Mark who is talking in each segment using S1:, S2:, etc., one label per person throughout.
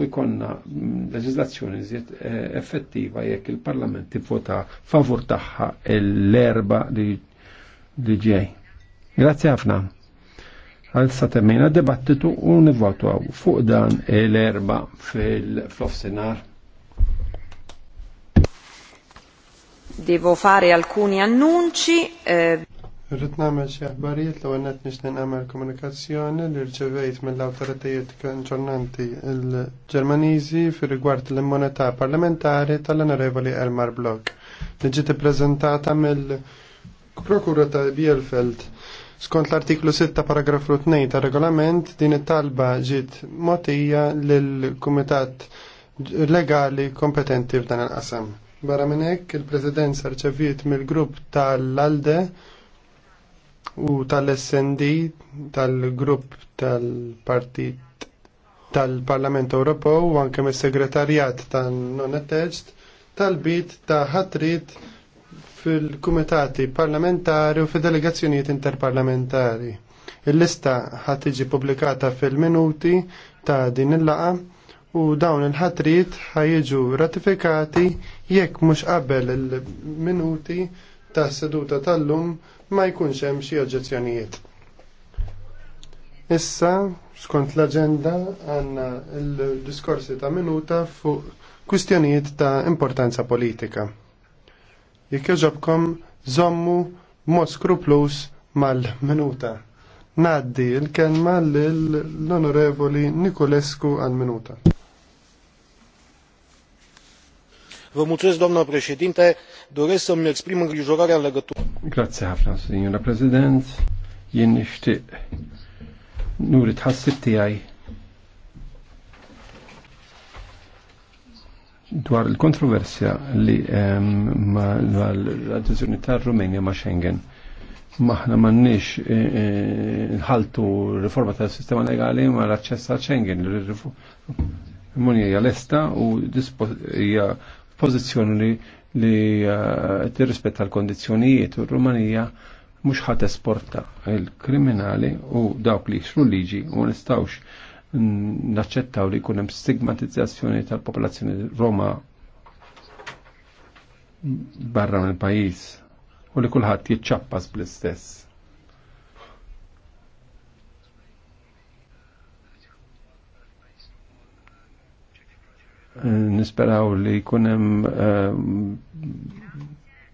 S1: u jkonna leġislazzjoni ziet eh, effettiva jekk il-Parlament tivvota favur tagħha l-erba li ġej. Grazzi ħafna. Għalsa temmina debattitu u nivvotu għaw fuq dan l-erba fil-flofsinar.
S2: Devo fare alcuni annunci. Eh...
S3: Rrit namel xie aħbarijiet li għannet nixten għamel komunikazzjoni li rċevejt mill-autoritajiet konċernanti il-Ġermaniżi firigward rigward l-immunità parlamentari tal-onorevoli Elmar Blok. Li ġiet ippreżentata mill prokurata Bielfeld skont l-artiklu 6 paragrafu 2 ta' regolament din it-talba ġiet motija lill-Kumitat legali kompetenti f'dan il-qasam. Barra minn hekk il-Presidenza rċeviet mill-grupp tal-Alde u tal-SND tal-grupp tal-partit tal-Parlament Ewropew u anke mis-segretarjat tan-non-attached tal-bit ta' ħatrit fil-kumitati parlamentari u fil-delegazzjonijiet interparlamentari. Il-lista ħat iġi publikata fil-minuti ta' din il-laqa u dawn il-ħatrit ħajġu ratifikati jekk mhux qabel il-minuti ta' seduta tal-lum ma jkunx hemm xi oġġezzjonijiet. Issa, skont l-aġenda għandna l-diskorsi ta' minuta fuq kwistjonijiet ta' importanza politika. Jekk zommu żommu mod skruplus mal-minuta. Naddi l-kelma lill onorevoli Nikolescu għal-minuta.
S2: doresc să mi exprim îngrijorarea în legătură.
S1: Grazie ħafna, signora President. Jien nixtieq nuri tħassib tiegħi dwar il-kontroversja li l-adżjoni tar-Rumenja ma' Schengen maħna mannix e, e, nħaltu riforma tal sistema legali ma l-access għal Schengen. Munja hija lesta u hija pożizzjoni li eh, tirrispetta l-kondizzjonijiet u r-Rumanija mhux ħadd esporta il-kriminali u dawk li xru liġi u nistawx naċċettaw li jkun hemm stigmatizzazzjoni tal-popolazzjoni Roma barra mill-pajjiż u li kulħadd jitċappas bl-istess. nisperaw li kunem eh,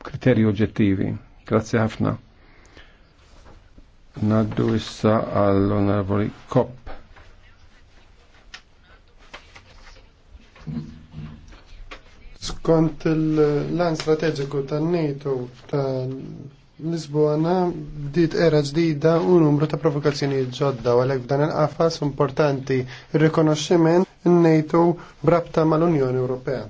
S1: kriteri oġġettivi. Grazie ħafna. Naddu issa għall-onorevoli Kopp.
S3: Skont il lan strategiku tan-NATO tal-Lisbona bdiet era ġdida u numru ta' provokazzjoni ġodda u għalhekk f'dan il-qafas importanti il rikonoxximent n-NATO brabta mal-Unjoni Ewropea.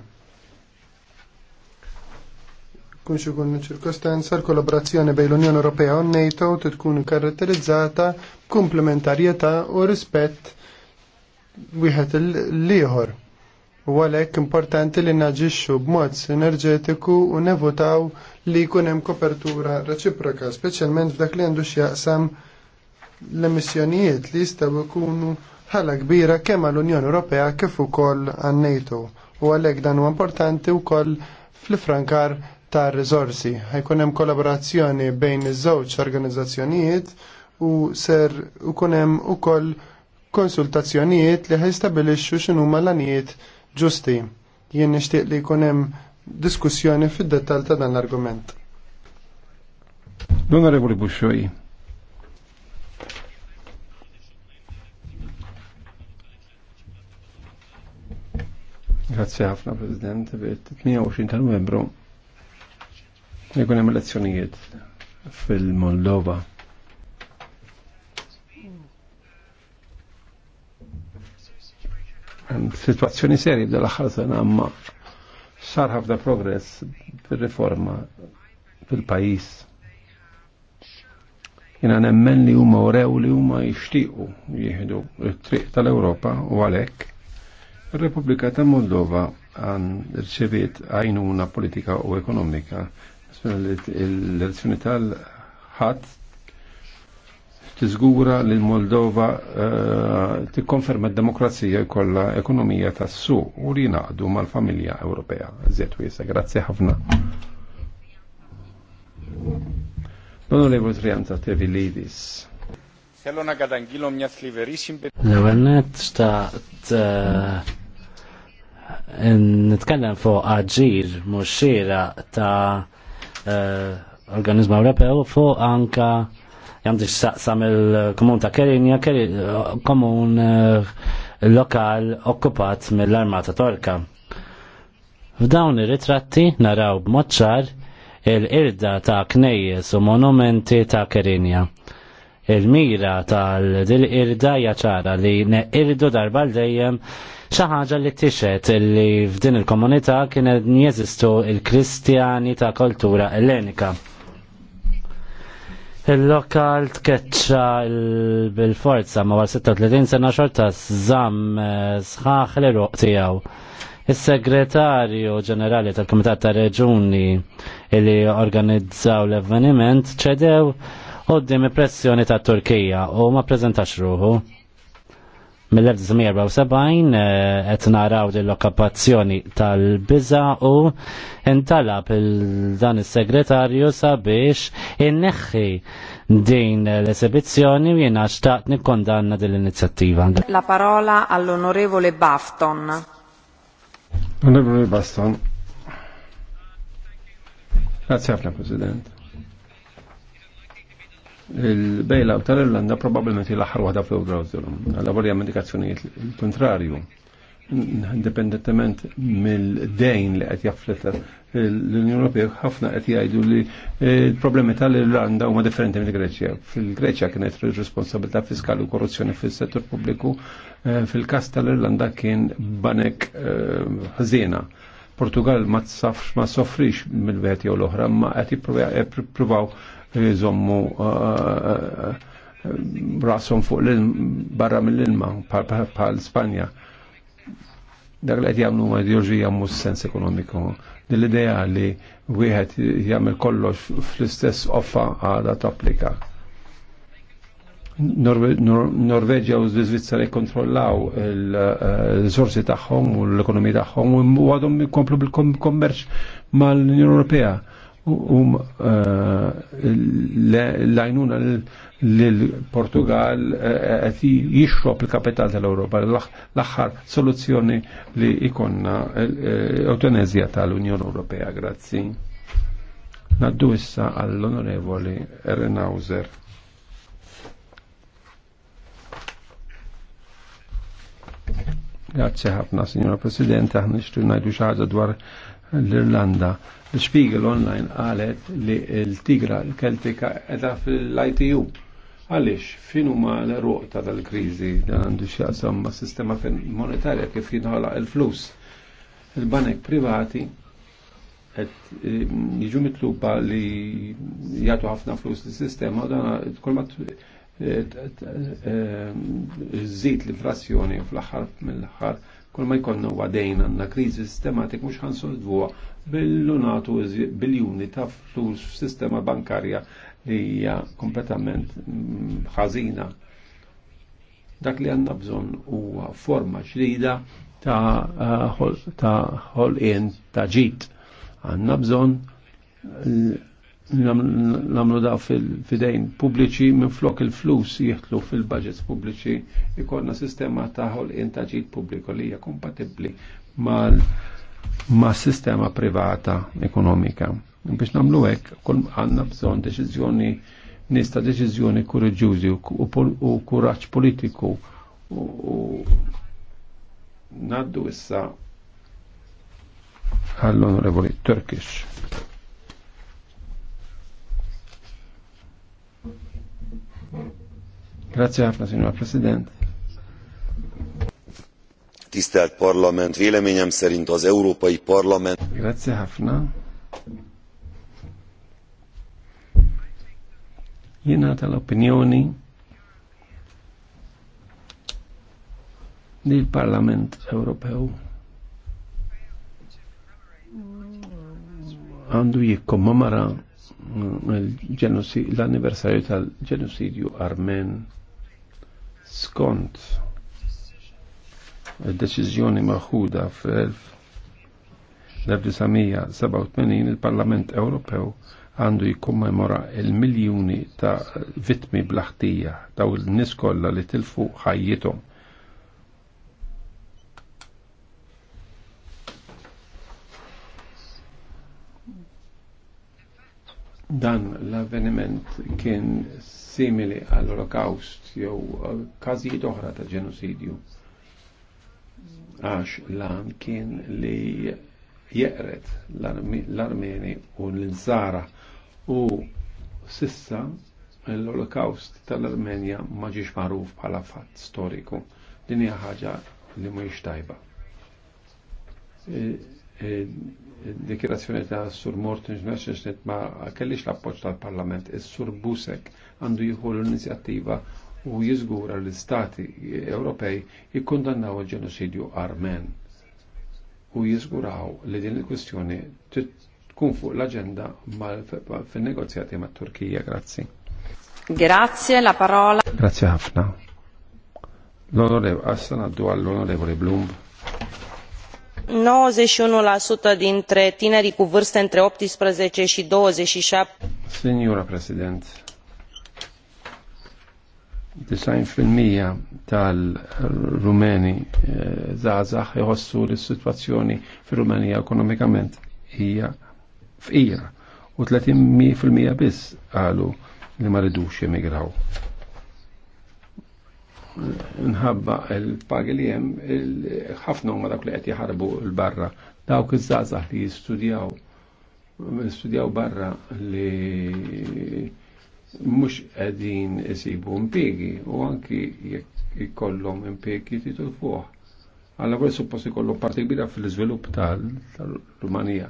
S3: Kun xikun ċirkostanza l-kollaborazzjoni bejn l-Unjoni Ewropea u n-NATO tkun karatterizzata b'kumplementarjetà u rispett wieħed l-ieħor. U għalhekk importanti li naġixxu b'mod sinerġetiku u nevutaw li jkun hemm kopertura reċiproka, speċjalment f'dak li għandu x'jaqsam l-emissjonijiet li jistgħu jkunu ħalla kbira kemm għall-Unjoni Ewropea kif ukoll għan-NATO u għalhekk dan huwa importanti wkoll fl-frankar ta' rizorsi. Ħajkun hemm kollaborazzjoni bejn iż-żewġ organizzazzjonijiet u ser ukun hemm ukoll konsultazzjonijiet li ħajstabilixxu x'inhuma l-anijiet ġusti. Jien nixtieq li jkun hemm diskussjoni fid-dettall ta' dan l-argument.
S1: L-Onorevoli Buxxoj, Grazie ħafna, President. 28 ta' novembru jkun hemm elezzjonijiet fil-Moldova. Situazzjoni serji dal-aħħar sena amma sar ħafna progress fil-riforma fil pajjiż Jina nemmen li huma orew li huma jixtiequ jieħdu it-triq tal-Ewropa u għalhekk Repubblika ta' Moldova għan rċeviet għajnuna politika u ekonomika. L-elezzjoni tal-ħat tizgura li l-Moldova eh, t-konferma d-demokrazija kolla ekonomija ta' su u li naqdu mal-familja Ewropea. Zet wiesa, grazie ħafna. L-Onorevole Trianta Tevi Θέλω να καταγγείλω μια θλιβερή συμπεριφορά.
S2: Ναι, ναι, στα Uh, nitkellem fuq aġir muxira ta' uh, organizmu Ewropew fuq anka għandix saqsam il-komun ta' Kerinja, komun uh, lokal okkupat mill-armata torka. F'dawn ir-ritratti naraw b'moċċar il-irda ta' knejjes u monumenti ta' Kerinja il-mira tal dil tal-dil-irda ċara li irdu darba l-dejjem ħaġa li tixet li f'din il-komunità kienet jeżistu il-kristjani ta' kultura ellenika. Il-lokal tkeċċa bil-forza ma' war 36 sena xorta żamm eh, sħaħ l ruq tiegħu. Is-segretarju ġenerali tal-Kumitat ta' Reġuni li organizzaw l-avveniment ċedew qoddim pressjoni ta' Turkija u ma prezentax ruħu. Mill-1974 eh, qed naraw din l-okkupazzjoni tal-biża u intalab il-dan is-segretarju sabiex inneħħi din l-esibizzjoni u jiena xtaqt nikkondanna din l-inizjattiva. La parola all'onorevole Bafton. Onorevole Bafton.
S1: Grazie ħafna President il-bejlaw tal-Irlanda probabbilment il-aħħar waħda fl-Eurozone. Għalla il-kontrarju. Independentement mill-dejn li qed jafflet l-Unjoni Ewropea ħafna qed jgħidu li eh, l-problemi tal-Irlanda huma differenti mill-Greċja. Fil-Greċja kienet responsabilità fiskali u korruzzjoni fis-settur pubbliku, eh, fil-każ tal-Irlanda kien banek eh, ħżiena. Portugal ma tsafx soffrix mill-wieħed jew l-oħra, ma qed jippruvaw jżommu eh, eh, eh, rasom fuq l barra mill-ilma pal Spanja. Dak li qed jagħmlu ma ideoloġija mhux sens ekonomiku. Din l-idea li wieħed jagħmel kollox fl-istess offa għadha tapplika. Norveġja u Svizzera jkontrollaw il-risorsi tagħhom u l-ekonomija tagħhom u għadhom jkomplu bil-kommerċ mal-Unjoni Ewropea um eh, l-għajnuna l-Portugal għet eh, eh, jixrob il-kapital tal-Europa l-axħar soluzzjoni li ikonna eutanezja tal-Unjoni Ewropea, grazzi. Naddu issa għall-onorevoli Renauser. Grazie ħafna, Signora Presidente, ħan nixtri najdu xaħġa dwar l-Irlanda l-Spiegel online qalet li l-tigra l-keltika edha fil-ITU. Għalix, finu ma l-eruq ta' dal-krizi dan għandu xaqsam ma' sistema monetarja kif jinħala il-flus. Il-banek privati għed e, jiġu mitluba li jgħatu ħafna flus l-sistema u dan kolmat e, e, zid l-inflazzjoni u fl-axar mill-axar Kull ma jkollna huwa dejn għandna kriżi sistematik mhux ħansolvuha bil-lunatu biljuni ta' flus f'sistema bankarja li hija kompletament mm, ħażina. Dak li għandna bżonn huwa forma ġdida ta' ħolqien ta' ġid. Għandna bżonn namlu da fidejn pubbliċi minn flok il-flus jihtlu fil-budgets pubbliċi ikonna sistema taħol intaġit pubbliku li hija kompatibbli mal ma sistema privata ekonomika. Biex namlu hekk kull għandna bżonn deċiżjoni nista deċiżjoni kuraġġużi u kuraġġ politiku u naddu issa għall-onorevoli Turkish. Grazie ħafna, Signor President.
S3: Tisztelt Parlament, véleményem szerint az Európai Parlament...
S1: Grazie ħafna. Jena tal-opinjoni li l-Parlament Ewropew għandu jikkommemora l-anniversarju tal-ġenosidju armen skont il-deċiżjoni maħħuda fl-1987 il-Parlament Ewropew għandu jikkommemora il-miljuni ta' vittmi blaħtija daw il-nies kollha li tilfu ħajjithom dan l-avveniment kien simili għal holocaust jew eh, każijiet oħra ta' ġenosidju. Għax lan kien li jeqret l-Armeni u l-Nzara u sissa l-Holocaust tal-Armenja ma ġiex magħruf bħala fatt storiku. Din hija ħaġa li mhux tajba eh, eh, dikirazzjoni ta' Sur Morton Ġmerċeċnet ma kellix l-appoċ tal-Parlament, is-Sur Busek għandu jieħu l-inizjattiva u jizgura l-Istati Ewropej jikkondannaw il-ġenosidju Armen u jizguraw li din il-kwistjoni tkun fuq l-agenda fin-negozjati ma' Turkija. Grazzi.
S2: Grazie, la parola.
S3: Grazie
S1: ħafna. L'onorevole, onorevole għassan għall-onorevole Blum
S3: nouăzeci și unu dintre tinerii cu vârste între optsprezece și douăzeci și șapte
S1: Signora President, 90% tal-Rumeni eh, zazax jħossu li situazzjoni fil-Rumenija ekonomikament hija fqira u 30% biss qalu li ma ridux jemigraw nħabba il-pagi li jem ħafna huma dak li għet jħarbu l-barra dawk iż-żgħażagħ li jistudjaw jistudjaw barra li mux għedin jisibu impjegi u għanki jekk ikollhom impjegi titul fuq. Alla kull suppost ikollhom parti kbira fil izvilup tal-Rumanija.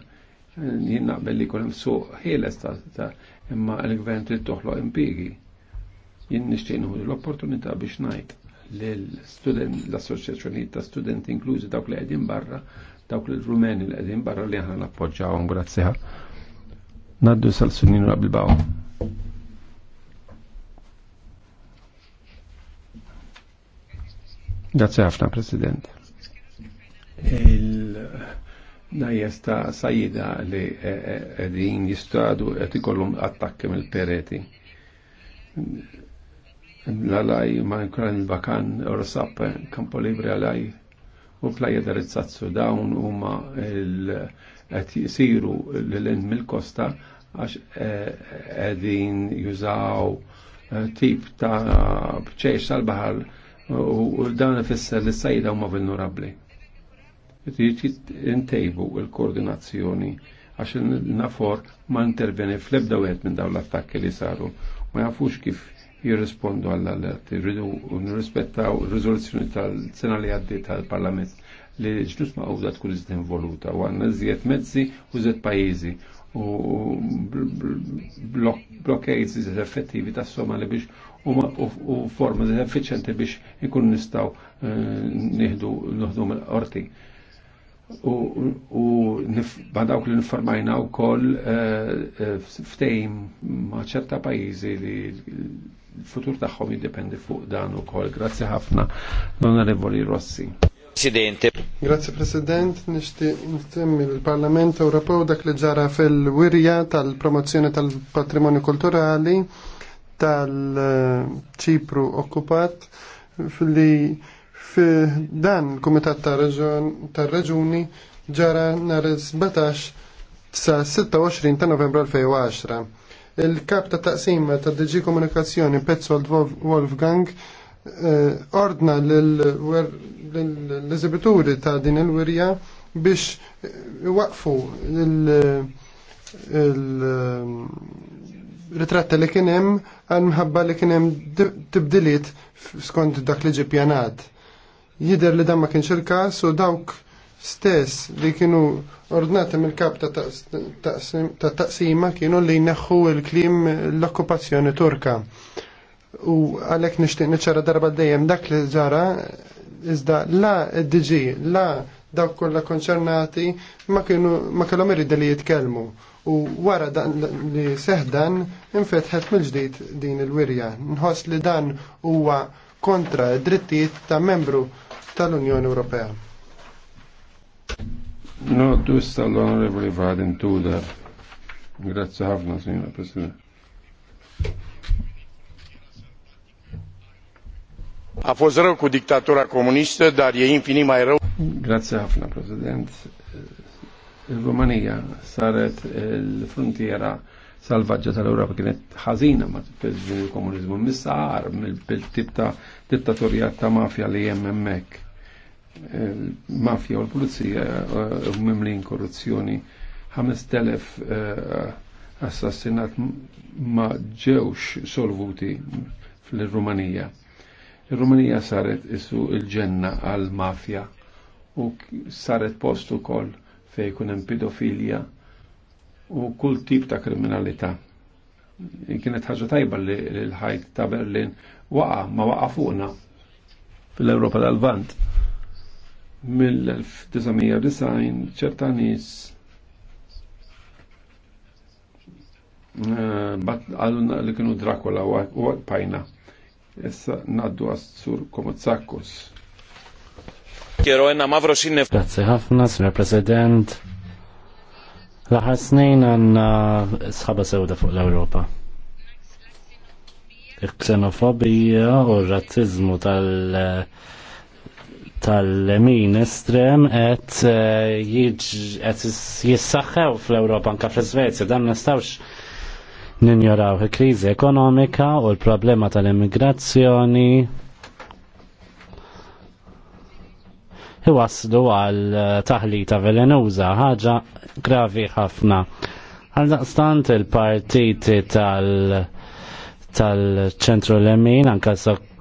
S1: Jien belli kolem jkun hemm suq ħieles ta' imma l-gvern trid toħloq jinn nixtieq l-opportunità biex najt l-student, l-assoċjazzjoni ta' studenti inklużi dawk li għedin barra, dawk li rumeni li għedin barra li għana aħna nappoġġawhom grazzi Naddu sal-Sunninu Bilbao. Grazie ħafna, President. Il-najjes ta' sajida li eh, eh, eh, din jistadu għetikollum attakke mill-pereti l-għalaj ma' nkran bakan bakan Orosap Kampo libri għalaj u plajja rizzazzu dawn u ma' għet jisiru l-lend mil-kosta għax għedin eh, jużaw eh, tip ta' bċeċ tal-bahar u dan fisser li sajda u ma' vulnerabli. Intejbu il-koordinazzjoni għax il-nafor ma' interveni fl-ebda minn daw l-attakki li saru ma jafux kif jirrispondu għall-allert. jirridu nirrispettaw r-riżoluzzjoni tal-sena li għaddi tal-Parlament li ġlus ma' użda tkun iżda voluta u għanna zjed mezzi u zjed pajizi u blokkejt zjed effettivi ta' soma li biex u forma zjed effiċenti biex ikun nistaw eh, nihdu l-ħdum l-orti u u nif, dawk li nifformajna u koll eh, eh, ftejm ma ċerta pajizi li l-futur tagħhom jiddependi fuq dan ukoll. Grazzi ħafna, l-Onorevoli Rossi. Presidente.
S3: Grazie President, nishti nittemmi l-Parlament Ewropew dak li ġara fil-wirja tal-promozzjoni tal-patrimonju kulturali tal-ċipru eh, okkupat fil-li dan il-Kumitat tar reġuni ġara nhar 17 sa 26 ta' Novembru 2010. Il-kap ta' taqsima ta' DG Komunikazzjoni Petzold Wolfgang eh, ordna l-eżibituri ta' din il-wirja biex waqfu il-ritratta li kienem għal mħabba li kienem tibdiliet skont dak li ġipjanat Jider li dan ma kienx il-każ u dawk stess li kienu ordnati mill-kap ta' taqsima kienu li jneħħu l-klim l-okkupazzjoni turka. U għalhekk nixtieq niċċara darba dejjem dak li ġara iżda la d-DG, la dawk kollha konċernati ma kienu ma kellhom irridu li jitkellmu. U wara dan li seħdan infetħet mill-ġdid din il-wirja. Nħoss li dan huwa kontra d drittijiet ta' membru tal-Unjoni Ewropea.
S1: No, tu l-Onorevoli Vadim Tudar. Grazie ħafna, signora Presidente. A fost rău cu dictatura comunistă, dar e infinit mai rău. Grazie ħafna, President. Il-Rumanija eh, saret il-frontiera eh, salvaggia tal-Europa kienet ħażina ma per il-komunizmu missar mill-tip ta' dittatorjat ta' mafja li hemm hemmhekk mafja u l-pulizija eh, mimlin korruzzjoni 5000 eh, assassinat ma ġewx solvuti fil-Rumanija. Il-Rumanija saret isu il-ġenna għal-mafja u saret postu kol fej kunem pedofilja u kull tip ta' kriminalità. Kienet ħaġa tajba li l-ħajt ta' Berlin waqa ma waqa fuqna fil-Europa tal-Vant mill-1990 ċerta nis eh, bat għaluna li kienu Dracula u għakpajna. Issa
S2: naddu għas-sur Komotsakos.
S1: Kiero enna mavro xinne. Grazie
S2: ħafna, signor President. Laħar snin għanna sħaba sewda fuq l-Europa. Il-ksenofobija u r-razzizmu tal- uh, tal-min estrem eh, et jissaxħew fl-Europa anka fl-Svezja dan nistawx ninjoraw il-krizi ekonomika u l-problema tal-immigrazzjoni iwaslu għal eh, taħlita velenuża ħaġa gravi ħafna. Għal daqstant il-partiti tal- ċentru l-emin, anka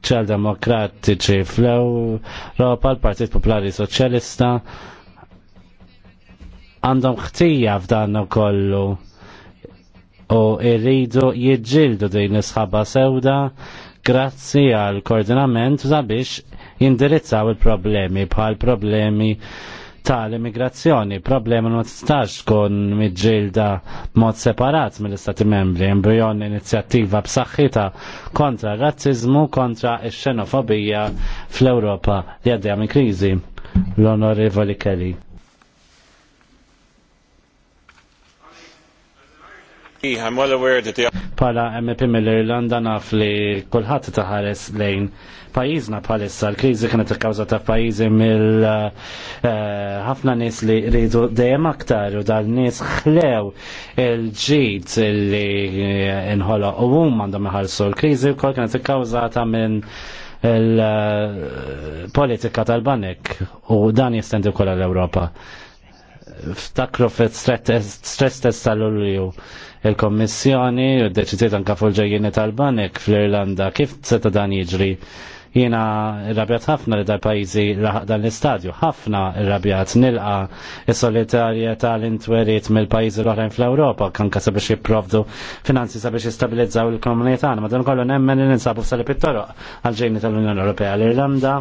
S2: ċal-demokratiċi fl-Europa, l-Partit Popolari Soċjalista, għandhom ħtija f'dan kollu u irridu jiġġildu din is isħaba sewda grazzi għal koordinament sabiex jindirizzaw il-problemi bħal problemi, -problemi tal-immigrazzjoni. Problema ma tistax tkun miġġilda mod separat mill-Istati membri, embrion inizjattiva b'saħħita kontra r-razzizmu, kontra x-xenofobija fl-Ewropa li għaddejja minn kriżi. L-Onorevoli Kelly. Pala MP mill-Irlanda naf li kullħat taħares lejn pajizna palissa l-krizi kienet ta' pajizi mill eh, ħafna nies li rridu dejjem aktar u dal nies ħlew il-ġid li eh, inħolo u għum għandhom iħallsu l-krizi wkoll kienet ikkawżata minn il-politika eh, tal-banek u dan jistendi kolla l-Ewropa ftakru fit stress test tal-ulju il-kommissjoni u d-deċiziet anka fuq ġejjini tal-banek fl-Irlanda kif seta dan jiġri jiena rabjat ħafna li da pajzi dan l-istadju, ħafna rabjat nilqa il-solidarjetà l-intwerit mill pajzi l-oħrajn fl europa kanka sabiex jipprovdu finanzi sabiex jistabilizzaw il komunitana ma dan kollu nemmen li ninsabu sal-pittoru għal-ġejni tal-Unjoni Ewropea l-Irlanda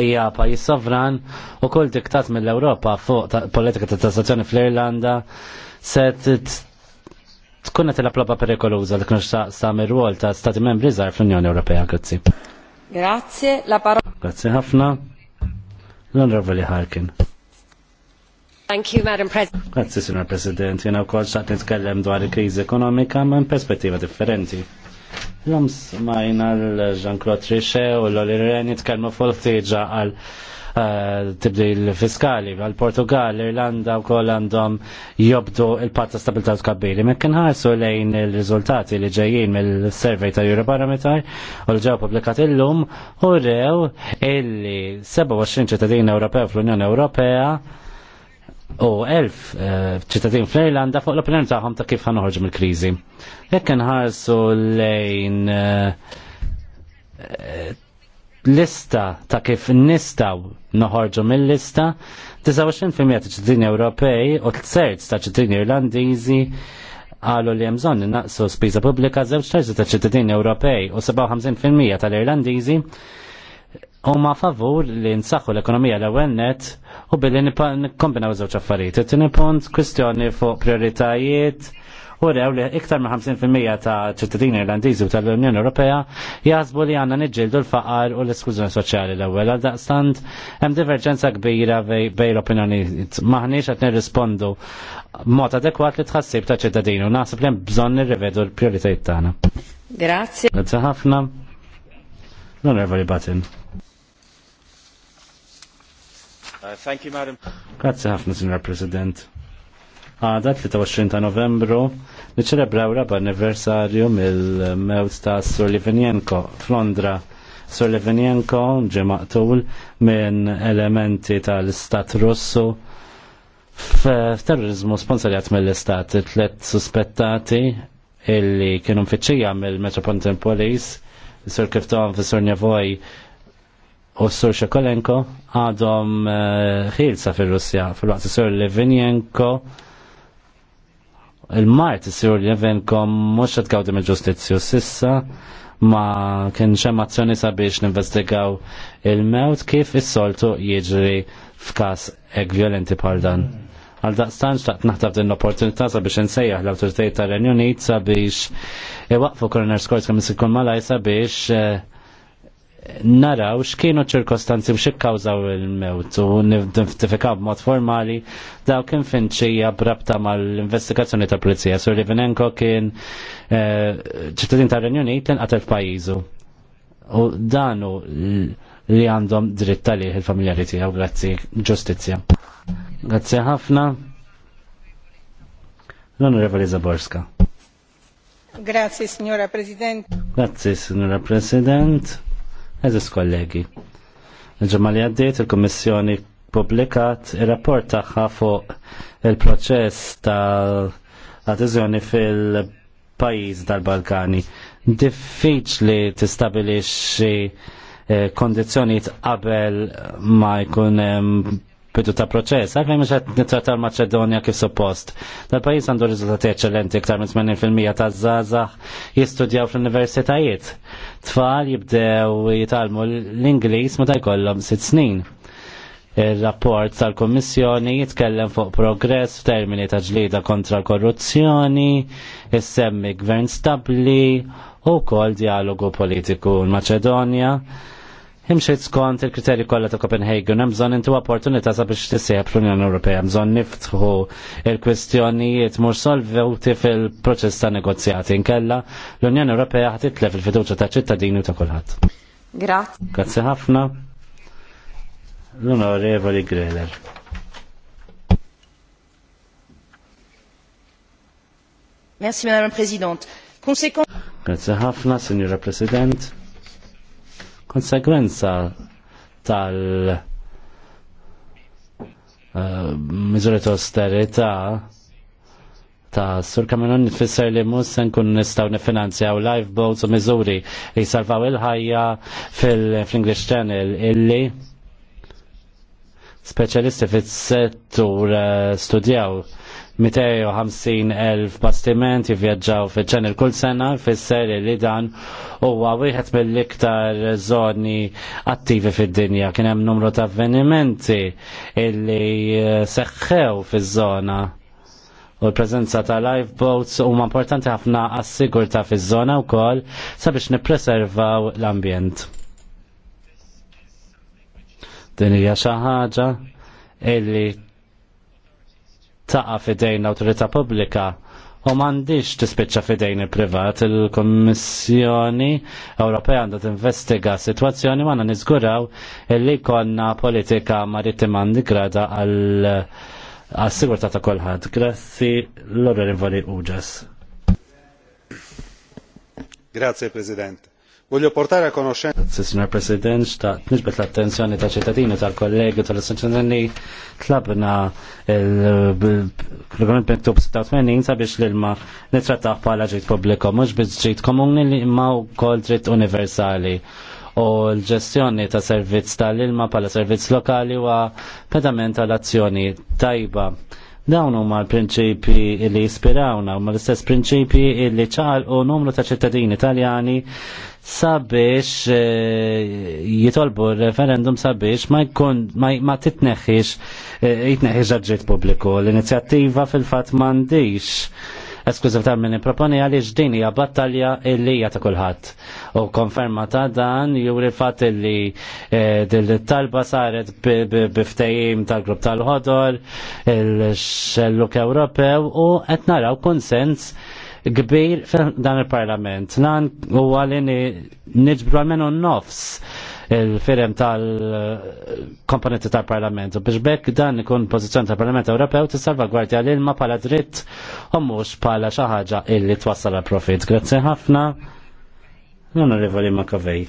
S2: hija pajjiż sovran u kull diktat mill-Ewropa fuq politika ta' tassazzjoni fl-Irlanda se tkun qed plaba perikoluża li kienx taqsam ir-rwol ta' Stati Membri żgħar fl-Unjoni Ewropea grazzi.
S3: Grazie, la parola.
S2: Grazie ħafna. L-Onorevoli Harkin.
S3: Thank you, Madam President.
S2: Grazie, Signor President. Jena u kol xaqt nitkellem dwar il-kriżi ekonomika ma' perspettiva differenti L-lum smajna l-Jean-Claude Trichet u l-Oli Reni tkellmu fuq għal eh, tibdil fiskali għal Portugal, Irlanda u kol għandhom jobdu il-patta stabilità kabbili. Mekken ħarsu lejn il-rizultati li ġejjin mill-survey ta' Eurobarometer u l-ġew publikat illum u rew illi 27 ċittadini Ewropew fl-Unjoni Ewropea u elf eh, ċittadin fl-Irlanda fuq l-opinjoni tagħhom ta' kif ħanoħorġu mill-kriżi. Jekk inħarsu lejn eh, eh, lista ta' kif nistaw noħorġu mill-lista, 29% ta' ċittadini Ewropej u t-terz ta' ċittadini Irlandiżi għalu li jemżon naqsu spiża pubblika zewċ terzi ta' ċittadini Ewropej u 57% tal-Irlandiżi huma favur li nsaħħu l-ekonomija l-ewwel net u billi nikkombinaw żewġ affarijiet. It-tieni punt kwistjoni fuq prioritajiet u rew li iktar ma' 50% ta' ċittadini Irlandiżi u tal-Unjoni Ewropea jaħsbu li għandna niġġieldu l-faqar u l iskużjoni soċjali l-ewwel għal daqstant hemm diverġenza kbira bej l-opinjonijiet. Maħniex qed nirrispondu b'mod adekwat li tħassib ta' ċittadini u naħseb li hemm bżonn nirrivedu l-prijoritajiet tagħna. Grazie. Grazie ħafna. Non è li batin. Uh, thank you, Madam. Grazie ħafna, Signor President. Għada 23 ta' novembru niċċelebraw rab anniversarju mill-mewt ta' Sur Livenjenko f'Londra. Sur Livenjenko ġemaqtul, minn elementi tal stat Russu f-terrorizmu sponsorjat mill-Istat. Tlet suspettati illi kienu mfittxija mill-Metropolitan Police, Sur Kifton, Sur Njavoj, u s-sur Shekolenko għadhom eh, ħilsa uh, fil-Russja fil-waqt s-sur Levinjenko il-mart s-sur Levinjenko mux għadgawdi il ġustizzju sissa ma kien xem azzjoni sabiex ninvestigaw il-mewt kif is-soltu jiġri f'kas ek violenti bħal dan. Għal daqstan xtaqt naħtab din l-opportunità sabiex nsejjaħ l-autoritajt tal-Renju Unit sabiex iwaqfu Coroner's Court kemm ikun malaj sabiex uh, naraw x'kienu ċirkostanzi u x'ikkawżaw il-mewt u nidentifikaw b'mod formali daw kien finċija brabta mal-investigazzjoni ta' pulizija. Sur Livinenko kien eh, ċittadin ta' Renju Unit inqatel pajizu U danu li għandhom dritt għalih il-familjari tiegħu grazzi ġustizzja. Grazzi ħafna. L-Onorevoli Zaborska. Grazie, signora Presidente. Grazie, signora Presidente. Eżis kollegi. Il-ġemma li għaddiet il komissjoni publikat il-rapport tagħha fuq il-proċess tal adizjoni fil-pajjiż dal-Balkani. Diffiċli tistabilixxi eh, kondizzjonijiet qabel ma jkunem bidu ta' proċess, għalfejn mhux qed tal Maċedonja kif suppost. Dal-pajjiż għandu riżultati eċċellenti ktar minn 80% taż-żgħażagħ jistudjaw fl-universitajiet. Tfal jibdew jitalmu l-Ingliż meta jkollhom sitt snin. Ir-rapport tal-Kommissjoni jitkellem fuq progress f'termini ta' ġlida kontra korruzzjoni, jissemmi gvern stabbli u kol dialogu politiku l-Maċedonja Himxiet skont il kriterju kollha ta' Copenhagen hemm bżonn intu opportunità sabiex tissejħab fl-Unjoni Ewropea, hemm bżonn niftħu il-kwistjonijiet mhux solvuti fil-proċess ta' negozjati. Inkella l-Unjoni Ewropea ħad titlef il-fiduċja ta' ċittadini u ta' kulħadd. Grazzi. Grazzi ħafna. L-Onorevoli Greller.
S3: Merci, Madame la Présidente. Conséquent...
S2: Grazie ħafna, Signora President konsegwenza tal- Uh, miżuri ta' austerita ta' sur kamenon nifisser li mus sen kun nistaw nifinanzjaw lifeboats u miżuri li salvaw il-ħajja fil-English Channel illi specialisti fit settur uh, eh, studjaw 250.000 bastiment jivvjaġġaw fiċ il kull sena fisser li dan huwa wieħed mill-iktar zoni attivi fid-dinja. Kien hemm numru ta' avvenimenti illi eh, seħħew fiż-żona. U l-prezenza ta' lifeboats huma importanti ħafna għas-sigurta fiż-żona wkoll sabiex nippreservaw l-ambjent. Din xaħġa xi ħaġa illi taqa fidejn l autorita pubblika u mandiċ tispiċċa fidejn il-privat, il-Kommissjoni Ewropea għandha tinvestiga situazzjoni ma niżguraw illi konna politika marittima grada għal għas-sigurta ta' kolħad. Grazzi l-orror involi uġas.
S3: Grazie, President. Voglio portare a conoscenza.
S2: Signor President, xtaqt nixbet l-attenzjoni ta' ċittadini tal-kollegi tal-istazzjoni tlabna il-regolament miktub 86 sabiex l-ilma nitrattaħ bħala ġrit pubbliku, mhux biss ġrit komuni li ma wkoll ġrit universali u l-ġestjoni ta' servizz tal-ilma bħala servizz lokali wa pedament tal-azzjoni tajba Dawn huma l-prinċipi li jispirawna, huma l-istess prinċipi li ċalqu numru ta' ċittadini Italjani sabiex eh, jitolbu referendum sabiex ma jkun ma titneħħix eh, jitneħħix ġaġġiet pubbliku. L-inizjattiva fil-fatt m'għandix ta' minn proponi għaliex din hija battalja illi hija ta' kulħadd. U konferma ta' dan juri l-fatt illi eh, dil-talba saret biftejim tal-grupp tal-ħodor, il-xelluk Ewropew u qed naraw konsens kbir dan il-parlament. Nan u għalini nġbru għalmenu nofs il-firem tal-komponenti tal-parlament. U biex bekk dan ikun pozizjoni tal-parlament Ewropew gwardja l ma pala dritt u mux pala xaħġa illi twassal wassala profit Grazie ħafna. L-onorevoli Makavej.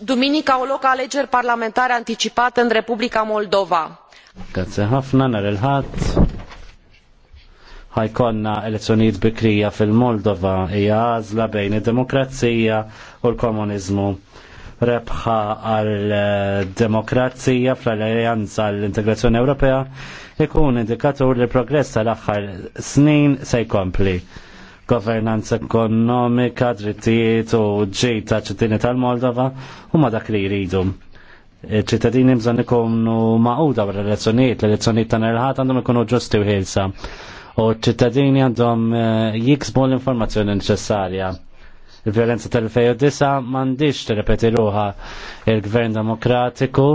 S3: Duminika u loka alegeri parlamentare anticipate în Republica Moldova.
S2: Grazie ħafna, nar il-ħadd ħajkonna elezzjonijiet bikrija fil-Moldova hija għażla bejn id-demokrazija u l-komuniżmu. Rebħa għal-demokrazija fl-Alleanza l-Integrazzjoni Ewropea ikun indikatur li progress tal-aħħar snin se jkompli. Governanza ekonomika, drittijiet u ġej ta' ċittadini tal-Moldova huma dak li jridu. Ċittadini bżonn ikunu maquda wara l-elezzjonijiet, l-elezzjonijiet tan-irħat għandhom ikunu ġusti u ħilsa u ċittadini għandhom eh, jiksbu l-informazzjoni neċessarja. Il-violenza tal-2009 mandiċ t-repeti ruħa il-gvern demokratiku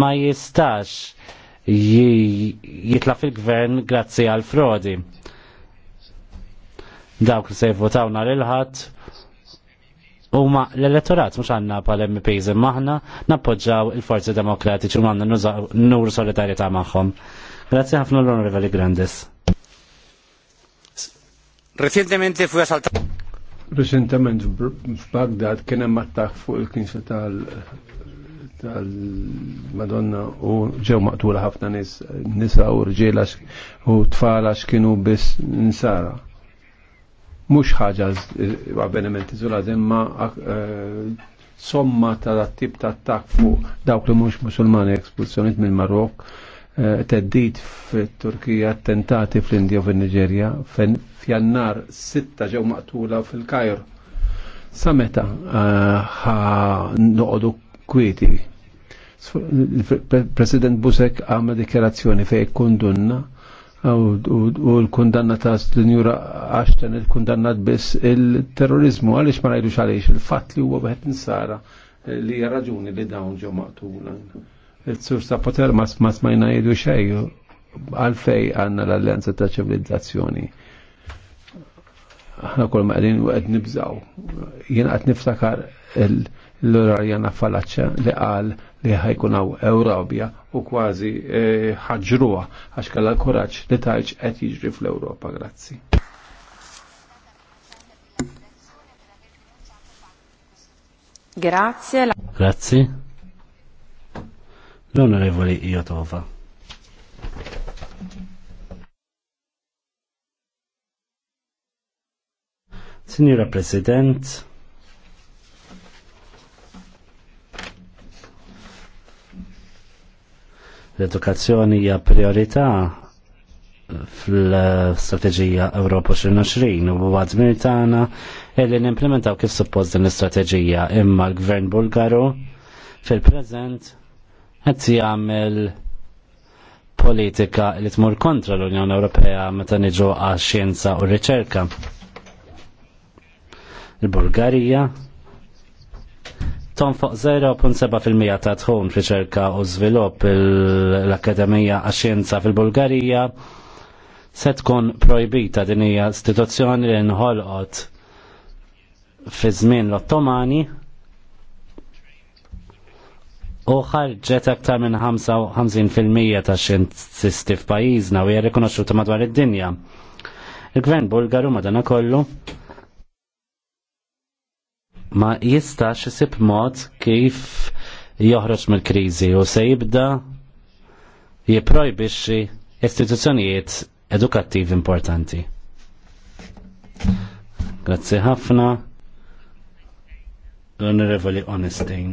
S2: ma jistax jitla fil-gvern grazzi għal frodi. Dawk li se jivvotaw nar il-ħadd ma l-elettorat mhux għandna pal MPs pejzi aħna nappoġġaw il-forzi demokratiċi u għandna nur solidarieta magħhom. Grazzi ħafna l-Onorevoli Grandis. Recientemente fui asaltado. Recentement
S1: f'Bagdad kien hemm attakk fuq il-kinsa tal tal-Madonna u ġew maqtula ħafna nis, nisa u rġiela u tfala x'kienu biss nsara. Mhux ħaġa avveniment iżolat imma e, somma tal tip ta' attakk fuq dawk li mhux musulmani ekspulsjoniet minn marok Eh, teddit fit-Turkija, attentati fl-Indja u fil-Niġerja, fjannar sitta ġew maqtula fil-Kajr. Sa meta eh, ħa noqogħdu kwieti. President Busek għamla dikjerazzjoni fejn kundunna u l-kundanna ta' l-njura għaxten il-kundannat biss il-terrorizmu għaliex ma rajdux għaliex il-fat li huwa wieħed insara li raġuni li dawn ġew maqtula il-sur Poter ma smajna jidu xej għalfej għanna l-allenza ta' ċivilizzazzjoni. Għanna kol ma' għedin u għed nibżaw. Jien għed niftakar l-orarjana falacċa li għal li ħajkun għaw Ewrabja u kważi e, ħagġruwa għax kalla l-koraċ li taċ għed jiġri fl ewropa Grazzi. Grazie.
S2: Grazie. L-Onorevoli Jotova. Signora President, l-edukazzjoni hija priorità fl-strateġija Ewropa 2020 u għadmir tagħna illi nimplementaw kif suppost din l-istrateġija imma l-Gvern Bulgaru fil-preżent qed jagħmel politika li tmur kontra l-Unjoni Ewropea meta niġu għax xjenza u r-riċerka. Il-Bulgarija fuq 0.7% ta' tħun riċerka u żvilupp l-Akademija għax xjenza fil-Bulgarija se tkun projbita din hija istituzzjoni li nħolqot fi żmien l-Ottomani u ħarġet aktar minn 55% ta' xintisti f'pajjiżna u hija rikonoxxuta madwar id-dinja. Il-Gvern Bulgaru madana kollu ma jistax isib mod kif joħroġ mill-kriżi u se jibda jipprojbixxi istituzzjonijiet edukattiv importanti. Grazzi ħafna l-Onorevoli Onestein.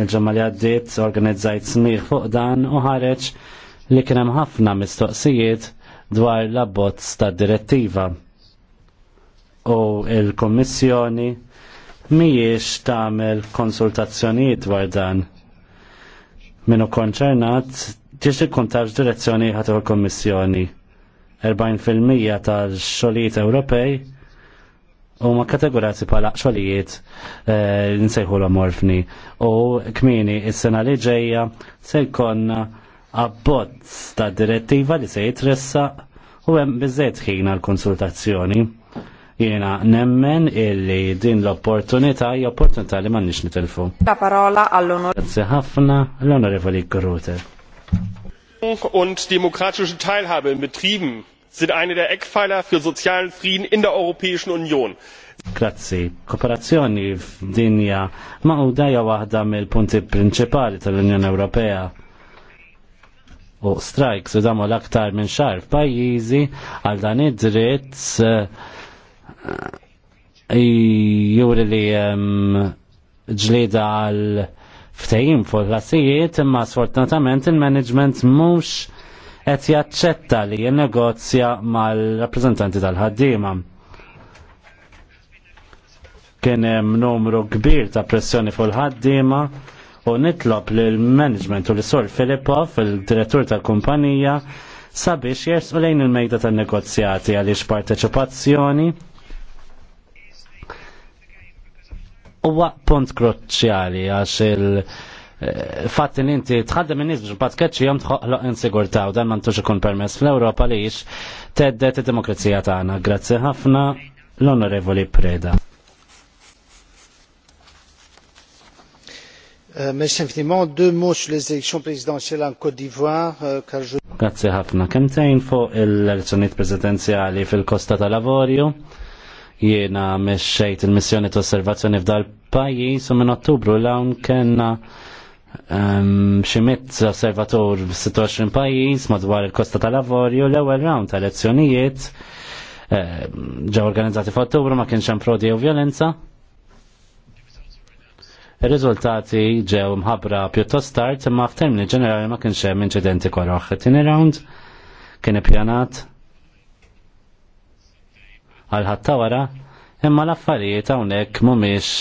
S2: il-ġemma li għaddit organizzajt smir fuq dan u ħareġ li kien hemm ħafna mistoqsijiet dwar l-abbozz ta' direttiva. U il-Kommissjoni mhijiex tagħmel konsultazzjonijiet dwar dan. Minu konċernat ġiġi kontax direzzjoni ħadd l kommissjoni 40% tal-xogħlijiet Ewropej u ma kategorati pala xolijiet eh, nsejħu l morfni u kmini il sena li ġeja se jkonna abbozz ta' direttiva li se jitressa u hemm biżejt ħin l konsultazzjoni Jiena nemmen illi din l-opportunità hija opportunità li m'għandniex nitilfu. La parola all onor Grazzi ħafna l-onorevoli Grote.
S3: Und demokratische Teilhabe in Betrieben sind einer der
S1: Eckpfeiler für sozialen Frieden in der Europäischen Union.
S2: Grazzi. Kooperazzjoni f'dinja ma' u daja wahda mill-punti prinċipali tal-Unjoni Ewropea. U strikes u damu l-aktar minn xar f'pajjiżi għal dan id-dritt eh, juri li ġlida għal ftehim fuq l-assijiet imma sfortunatament il-management mhux qed jaċċetta li jinnegozja mal-rappreżentanti tal-ħaddiema. Kien hemm numru kbir ta' pressjoni fuq il-ħaddiema u nitlob lil management u l-sur Filippov, il-direttur tal-kumpanija, sabiex jersu lejn il-mejda tan-negozjati għaliex parteċipazzjoni huwa punt kruċjali għax il- fatt in inti tħaddem in-nies biex mbagħad tkeċċi jom tħoqloq insigurtà u dan m'għandux ikun permess fl-Ewropa li jiex id-demokrazija tagħna. Grazzi ħafna l-Onorevoli Preda. Euh, Mes sentiments, deux mots sur les élections présidentielles en Côte d'Ivoire, euh, car je... Grazie ħafna. Kem tejn fuq il-elezzjoniet fil-Kosta tal jiena mexxejt il-missjoni ta' osservazzjoni f'dal pajjiż u minn Ottubru l-hawn kellna Ehm, ximitt osservatur f pajjiż pajis madwar il-Kosta tal-Avorju l-ewel round ta' elezzjonijiet ehm, ġa organizzati f'Ottubru ma kienx hemm frodi u violenza. Ir-riżultati ġew mħabbra pjuttost tard imma f'termini ġenerali ma kienx hemm inċidenti koroħ. Tieni round kien ippjanat għal ħatta wara imma l-affarijiet hawnhekk mhumiex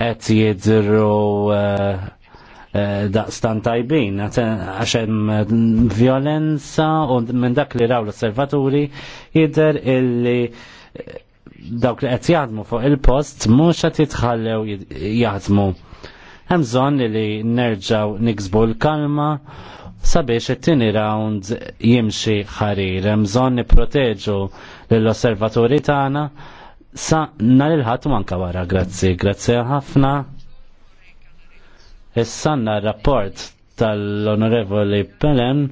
S2: qed jidhru eh, Eh, daqstan tajbin, għaxem mm, violenza u minn dak li raw l-osservaturi jider illi eh, dawk li qed jaħdmu fuq il-post mhux qed jitħallew jaħdmu. Hemm bżonn li nerġgħu niksbu l-kalma sabiex it-tieni round jimxi ħarir. Hemm bżonn nipproteġu lill-osservaturi tagħna sa nhar il-ħadd manka wara. Grazzi, grazzi ħafna. Issanna rapport tal-Onorevoli Pelen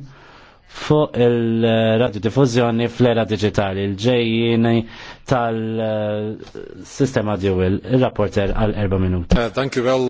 S2: fuq il-radiodiffużjoni fl-era digitali, il-ġejjini tal-sistema eh, dual, il-rapporter għal erba' minuti.
S3: Eh, thank you well.